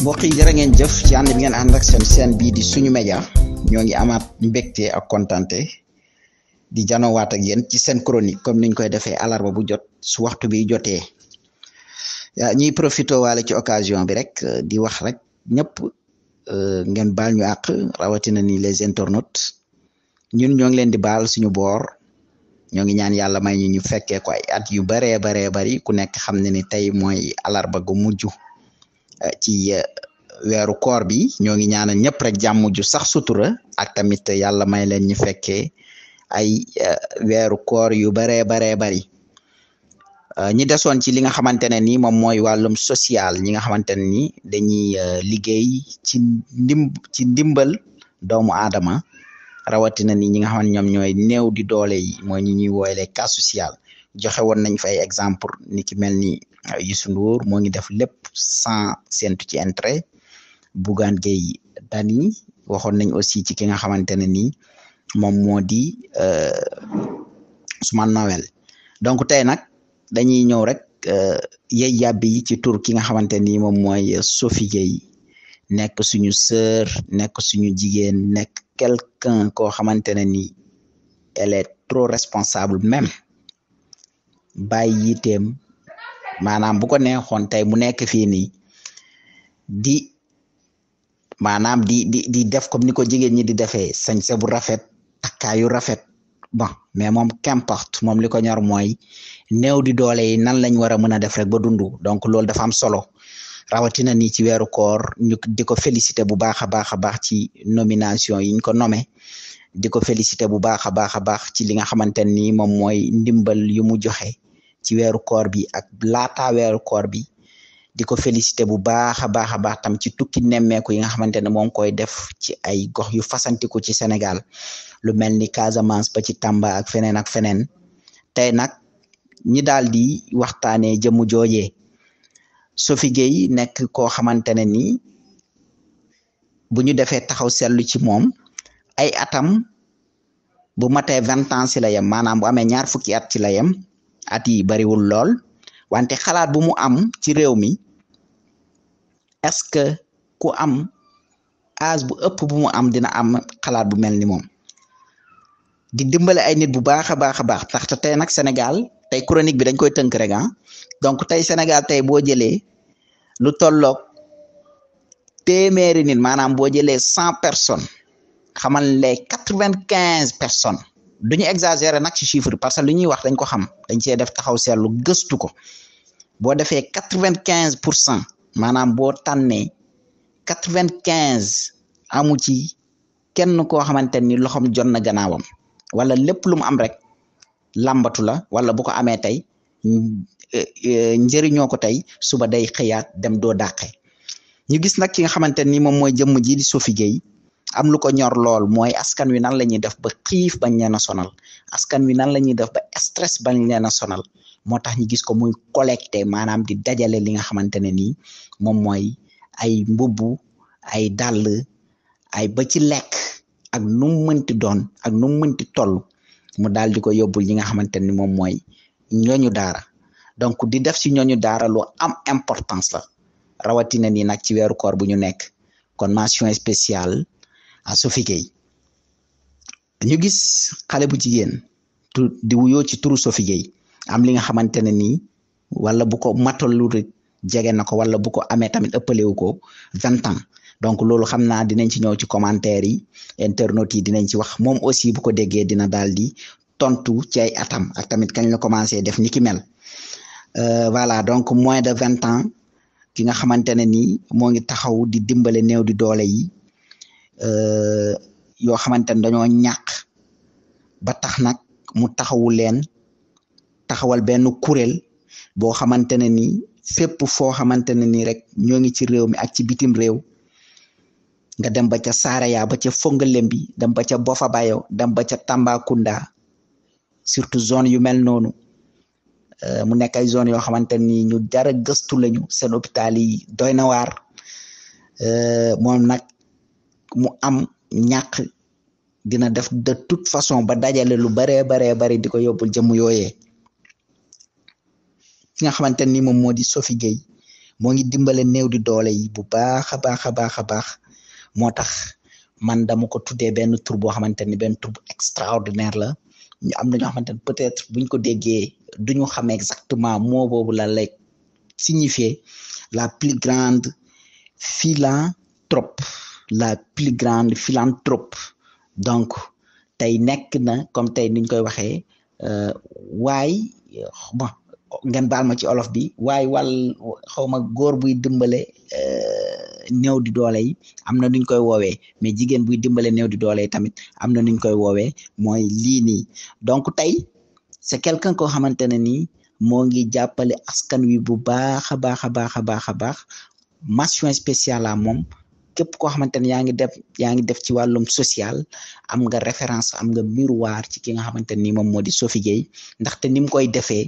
mbokk yi jërë ngeen jëf ci ànd ngeen ànd ak seen seen bii di suñu média ñoo ngi amaat mbégte ak kontante di janowaat ak yéen ci seen chronique comme niñ koy defee alarba bu jot su waxtu bi jotee ñuy profité waale ci occasion bi rek euh, di wax rek ñëpp euh, ngeen baal ñu àq rawatina nii les internautes ñun ñoo ngi leen di baal suñu boor ñoo ngi ñaan yàlla may ñu ñu fekkee ko ay at yu baree baree bari ku nekk xam ne ni tey mooy alarba gu mujj ci euh, weeru koor bi ñoo ngi ñaanal ñëpp rek jàmm ju sax sutura ak tamit yàlla may leen ñu fekkee ay euh, weeru koor yu baree baree bari euh, ñi desoon ci li nga xamante ne ni moom mooy wàllum sociale ñi nga xamante ne ni dañuy liggéey ci ci ndimbal doomu aadama rawatina ni ñi nga xam ñoom ñooy néew di doole yi mooy ñi ñuy wooyle cas joxe woon nañ fay exemple ni mel ni Youssou Ndour moo ngi def lépp sans séntu ci intérêt Bougane Gueye Dany waxoon nañ aussi ci ki nga xamante ne nii moom moo di euh, Ousmane Noël donc tey nag dañuy ñëw rek euh, yey yàbbi yi ci tur ki nga xamante ni moom mooy Sophie Gueye nekk suñu sœur nekk suñu jigéen nekk quelqu'un koo xamante ne ni elle trop responsable même bàyyi yiteem maanaam bu ko neexoon tey mu nekk fii nii di maanaam di di def comme ni ko jigéen ñi di defee sañse bu rafet takkaayu rafet bon mais moom qu'importe moom li ko ñor mooy néew di doole yi nan lañ war a mën a def rek ba dundu donc loolu dafa am solo rawatina nii ci weeru koor ñu di ko félicité bu baax a baax a baax ci nomination yiñ ko nome di ko félicité bu baax a baax a baax ci li nga xamante ni moom mooy ndimbal yu mu joxe ci weeru koor bi ak laataa weeru koor bi di ko félicité bu baax a baax a baax tam ci tukki nemmeeku yi nga xamante ne moo ngi koy def ci ay gox yu fasantiku ci Sénégal lu mel ni Casamance ba ci Tamba ak feneen ak feneen tey nag ñi daal di waxtaanee jëmu joojee Sophie Gueye nekk koo xamante ne ni bu ñu defee taxaw seetlu ci moom ay atam bu matee vingt ans si la yem maanaam bu amee ñaar fukki at ci la yem at yi bariwul lool wante xalaat bu mu am ci réew mi est-ce que ku am âge bu ëpp bu mu am dina am xalaat bu mel ni moom di dimbale ay nit bu baax a baax a baax tax tey nag Sénégal tey chronique bi dañ koy tënk rek ah donc tey Sénégal tey boo jëlee lu tolloog téeméeri nit maanaam boo jëlee cent personnes xamal les quatre-vingt-quinze personnes du ñu exagérer nag ci chiffre parce que lu ñuy wax dañ ko xam dañ cee def taxaw seetlu gëstu ko boo defee quatre vingt quinze pour cent maanaam boo tànnee quatre vingt quinze amu ci kenn koo xamante ni loxoom jot na gannaawam wala lépp lu mu am rek làmbatu la wala bu ko amee tey eh, eh, njëriñoo ko tey suba day xëyaat dem doo dàqe ñu gis nag ki nga xamante ni moom mooy jëmm ji di Sophie Gueye am lu ko ñor lool mooy askan wi nan la ñuy def ba xiif bañ leen a sonal askan wi nan la ñuy def ba stress bañ leen a sonal moo tax ñu gis ko muy collecté maanaam di dajale li nga xamante ne nii moom mooy ay mbubb ay dàll ay ba ci lekk ak nu mu mënti doon ak nu mu mënti toll mu daal di ko yóbbul ñi nga xamante ni moom mooy ñooñu daara donc di def si ñooñu daara lu am importance la rawatina nii nag ci weeru koor bu ñu nekk kon mention spéciale Sophie Gueye ñu gis xale bu jigéen tu di wuyoo ci turu Sophie am li nga xamante ne nii wala bu ko matal lu jege na ko wala bu ko amee tamit ëppalewu ko vingt ans donc loolu xam naa dinañ ci ñëw ci commentaire yi internautes yi dinañ ci wax moom aussi bu ko déggee dina daal di tontu ci ay atam tamit kañ la commencé def ni ki mel euh, voilà donc moins de vingt ans ki nga xamante ne nii moo ngi taxaw di dimbale néew di doole yi Euh, yoo xamante ne dañoo ñàkk ba tax nag mu taxawu leen taxawal benn kuréel boo xamante ne ni fépp foo xamante ne ni rek ñoo ngi ci réew mi ak ci bitim réew nga dem ba ca Saraya ba ca Fongolembi dem ba ca Bofabayo dem ba ca Tambacounda surtout zone yu mel noonu euh, mu nekk ay zone yoo xamante ni ñu dara gëstu lañu seen hôpital yi doy na waar euh, moom nag mu am ñàkk dina def de toute façon ba dajale lu baree baree bari di ko yóbbul jëmm yooyee ki nga xamante ni moom moo di Sophie Gueye moo ngi dimbale néew di doole yi bu baax a baax a baax a baax moo tax man dama ko tuddee benn tur boo xamante ni benn tur bu extraordinaire la ñu am na ñoo xamante ni peut-être buñ ko déggee duñu xam exactement moo boobu la lay signifier la plus grande philanthrope la plus grande philanthrope donc tey nekk na comme tey niñ koy waxee euh, waay bon ngeen baal ma ci olof bi waay wal xaw ma góor buy dimbale euh, néew di doole yi am na nuñ koy woowee mais jigéen buy dimbale néew di doole tamit am na nuñ koy woowee mooy lii nii donc tey c'est quelqu'un koo xamante ne nii moo ngi jàppale askan wi bu baax a baax a baax a baax a baax mention spéciale à moom képp koo xamante ne yaa ngi def yaa ngi def ci wàllum social am nga référence am nga miroir ci ki nga xamante nii moom moo di Sophie Gueye ndaxte ni mu koy defee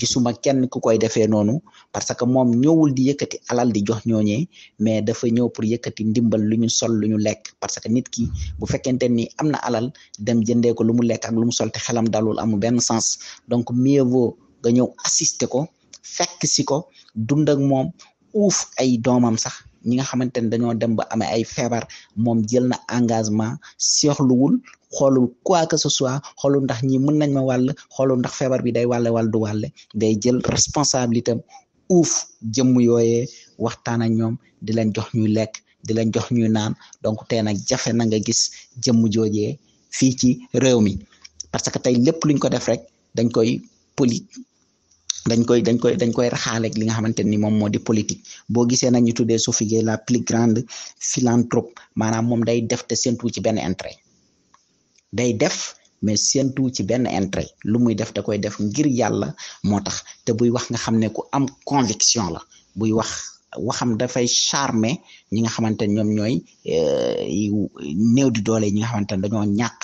gisuma kenn ku koy defee noonu parce que moom ñëwul di yëkkati alal di jox ñooñee mais dafa ñëw pour yëkkati ndimbal lu ñu sol lu ñu lekk parce que nit ki bu fekkente ni am na alal dem jëndee ko lu mu lekk ak lu mu sol te xelam dalul amu benn sens donc mieux vaut nga ñëw assister ko fekk si ko dund ak moom uuf ay doomam sax. ñi nga xamante ne dañoo dem ba amee ay feebar moom jël na engagement seexluwul xoolu quoi que ce soit xoolu ndax ñi mën nañ ma wàll xoolu ndax feebar bi day wàlle wàll du wàlle day jël responsabilité am uuf jëmm yooye waxtaan ak ñoom di leen jox ñuy lekk di leen jox ñuy naan donc tey nag jafe na nga gis jëmm jooje fii ci réew mi parce que tey lépp ko def rek dañ koy poli dañ koy dañ koy dañ koy raxaaleeg li nga xamante ni moom moo di politique boo gisee nag ñu tuddee Sophie la plus grande philanthrope maanaam moom day def te séntu ci benn intérêt day def mais séntu ci benn intérêt lu muy def da koy def ngir yàlla moo tax te buy wax nga xam ne ku am conviction la buy wax. waxam dafay charmer ñi nga xamante ne ñoom ñooy euh, néew di doole ñi nga xamante ne dañoo ñàkk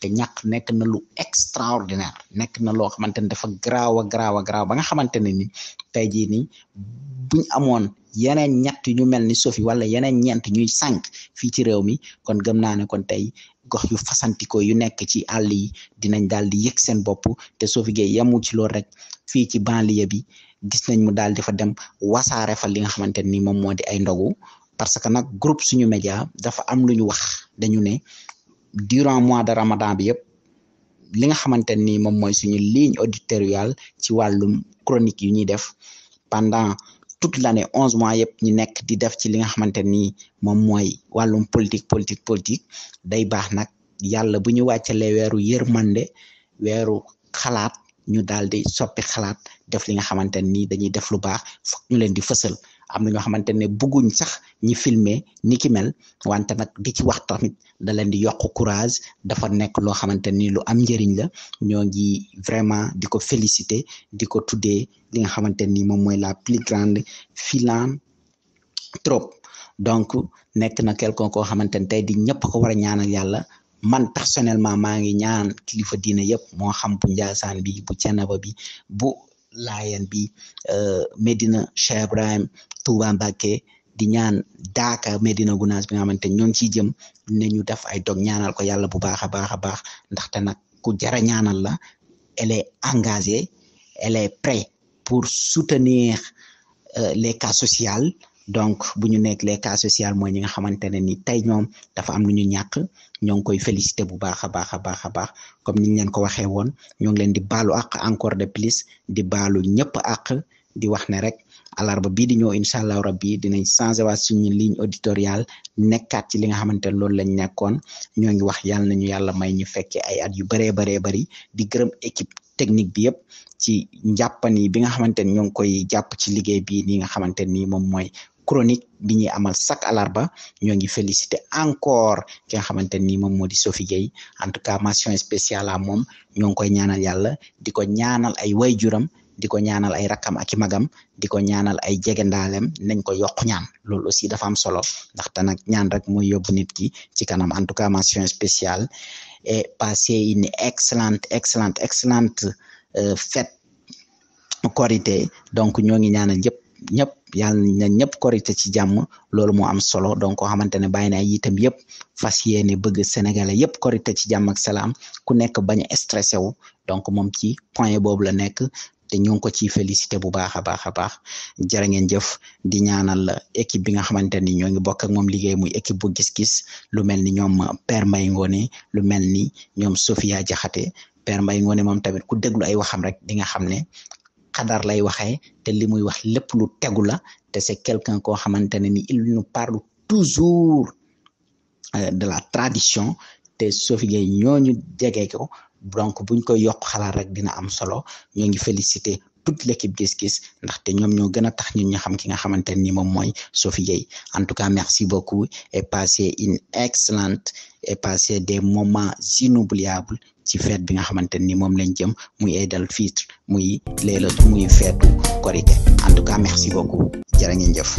te ñàkk nekk na lu extraordinaire nekk na loo xamante ni dafa garaaw a garaaw a garaaw ba nga xamante ne ni tey jii nii buñ amoon yeneen ñett ñu mel ni sofi wala yeneen ñeent ñuy sànq fii ci réew mi kon gëm naa ne kon tey gox yu fasantikoo yu nekk ci àll yi dinañ daal di yëg seen bopp te sofi gay yemul ci lool rek fii ci banlieue bi gis nañ mu daal di fa dem wasaare fa li nga xamante ni moom moo di ay ndogu parce que nag groupe suñu média dafa am lu ñu wax dañu ne durant mois de ramadan bi yëpp li nga xamante ni moom mooy suñu ligne éditoriale ci wàllum chronique yu ñuy def pendant toute l'année onze mois yëpp ñu nekk di def ci li nga xamante ni moom mooy wàllum politique politique politique day baax nag yàlla bu ñu wàccalee weeru yërmande weeru xalaat ñu daal di soppi xalaat def li nga xamante ni dañuy def lu baax foog ñu leen di fësal am na ñoo xamante ne bëgguñ sax ñi filmer ni ki mel wante nag di ci wax tamit da leen di yokk courage dafa nekk loo xamante ni lu am njëriñ la ñoo ngi vraiment di ko féliciter di ko tuddee li nga xamante ni moom mooy la plus grande trop donc nekk na quelqu'un koo xamante ni tey di ñëpp ko war a ñaanal yàlla man personnellement maa ngi ñaan kilifa diine yëpp moo xam bu Njaasaan bi bu Cenaba bi bu Laayeen bi euh, Medina Cheikh Ibrahim Touba Mbacké di ñaan daaka médina Gunaas bi nga xamante ñoo ngi ciy jëm ne ñu def ay dog ñaanal ko yàlla bu baax a baax a baax ndaxte nag ku jara ñaanal la elle engagé engagée elle pour soutenir euh, les cas sociaux donc bu ñu nekk les ka social mooy ñi nga xamante ne ni tey ñoom dafa am lu ñu ñàkk ñoo ngi koy félicité bu baax a baax a baax a baax comme niñ leen ko waxee woon ñoo ngi leen di baalu ak encore de plus di baalu ñëpp àq di wax ne rek alarba bii di ñëw incha allah rabbi dinañ changé waat suñu ligne éditoriale nekkaat ci li nga xamante ne loolu lañ nekkoon ñoo ngi wax yàlla nañu yàlla may ñu fekkee ay at yu bëree bare bari di gërëm équipe technique bi yëpp ci njàppani bi nga xamante ni ñoo ngi koy jàpp ci liggéey bii ni nga xamante ni moom mooy chronique bi ñuy amal chaque alarba ñoo ngi félicité encore ki nga xamante ni moom moo di Sophie en tout cas mention spéciale à moom ñoo ngi koy ñaanal yàlla di ko ñaanal ay wayjuram di ko ñaanal ay rakam ak i magam di ko ñaanal ay jegandaalem nañ ko yokk ñaan loolu aussi dafa am solo ndaxte nag ñaan rek mooy yóbbu nit ki ci kanam en tout cas mention spéciale et passez une excellente excellente excellente euh, fête Korité donc ñoo ngi ñaanal ñëpp ñëpp yàlla na ñëpp korite ci jàmm loolu mu am solo donc koo xamante ne bàyyi na ay itam yëpp fas yéene bëgg sénégalais yëpp korite ci jàmm ak salaam ku nekk bañ a stressé wu donc moom ci point boobu la nekk te ñu ngi ko ciy félicité bu baax a baax a baax jërë ngeen jëf di ñaanal équipe bi nga xamante ni ñoo ngi bokk ak moom liggéey muy équipe bu gis-gis lu mel ni ñoom Père Mbaye Ngoné lu mel ni ñoom Sofia Diakhaté Père Mbaye Ngoné moom tamit ku déglu ay waxam rek di nga xam ne xadar lay waxee te li muy wax lépp lu tegu la te c'est quelqu'un koo xamante ne ni il nous parle toujours euh, de la tradition te sofige ñooñu jege ko donc buñ koy yokk xalaat rek dina am solo ñoo ngi félicité toute l'équipe gis-gis ndaxte ñoom ñoo gën a tax ñun ñu xam ki nga xamante ni moom mooy Sophie en tout cas merci beaucoup et passez une excellente et passez des moments inoubliables ci fête bi nga xamante ni moom lañ jëm muy Aïd el muy leelatu muy feetu korité en tout cas merci beaucoup jërë ngeen jëf